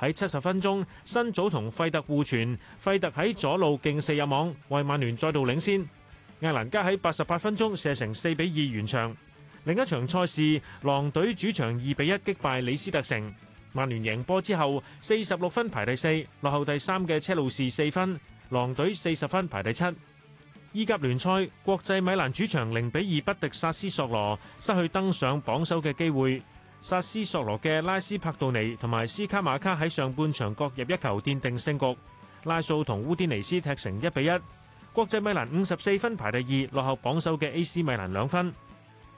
喺七十分鐘，新組同費特互傳，費特喺左路勁射入網，為曼聯再度領先。艾蘭加喺八十八分鐘射成四比二完場。另一場賽事，狼隊主場二比一擊敗李斯特城。曼聯贏波之後，四十六分排第四，落後第三嘅車路士四分。狼隊四十分排第七。意甲聯賽，國際米蘭主場零比二不敵薩斯索羅，失去登上榜首嘅機會。薩斯索羅嘅拉斯帕杜尼同埋斯卡馬卡喺上半場各入一球奠定勝局，拉素同烏丁尼斯踢成一比一。國際米蘭五十四分排第二，落後榜首嘅 AC 米蘭兩分。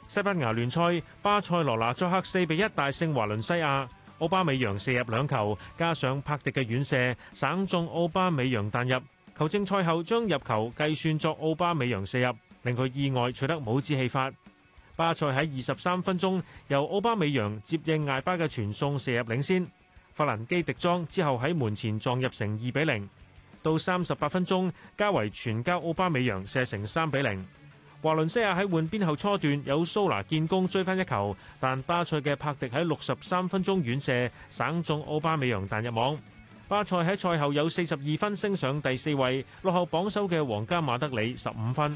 西班牙聯賽，巴塞羅那作客四比一大勝華倫西亞，奧巴美揚射入兩球，加上柏迪嘅遠射，省中奧巴美揚彈入，球證賽後將入球計算作奧巴美揚射入，令佢意外取得帽子戲法。巴塞喺二十三分鐘，由奧巴美揚接應艾巴嘅傳送射入領先，法蘭基迪莊之後喺門前撞入成二比零。到三十八分鐘，加維傳交奧巴美揚射成三比零。華倫西亞喺換邊後，初段有蘇拿建功追翻一球，但巴塞嘅柏迪喺六十三分鐘遠射，省中奧巴美揚彈入網。巴塞喺賽後有四十二分，升上第四位，落後榜首嘅皇家馬德里十五分。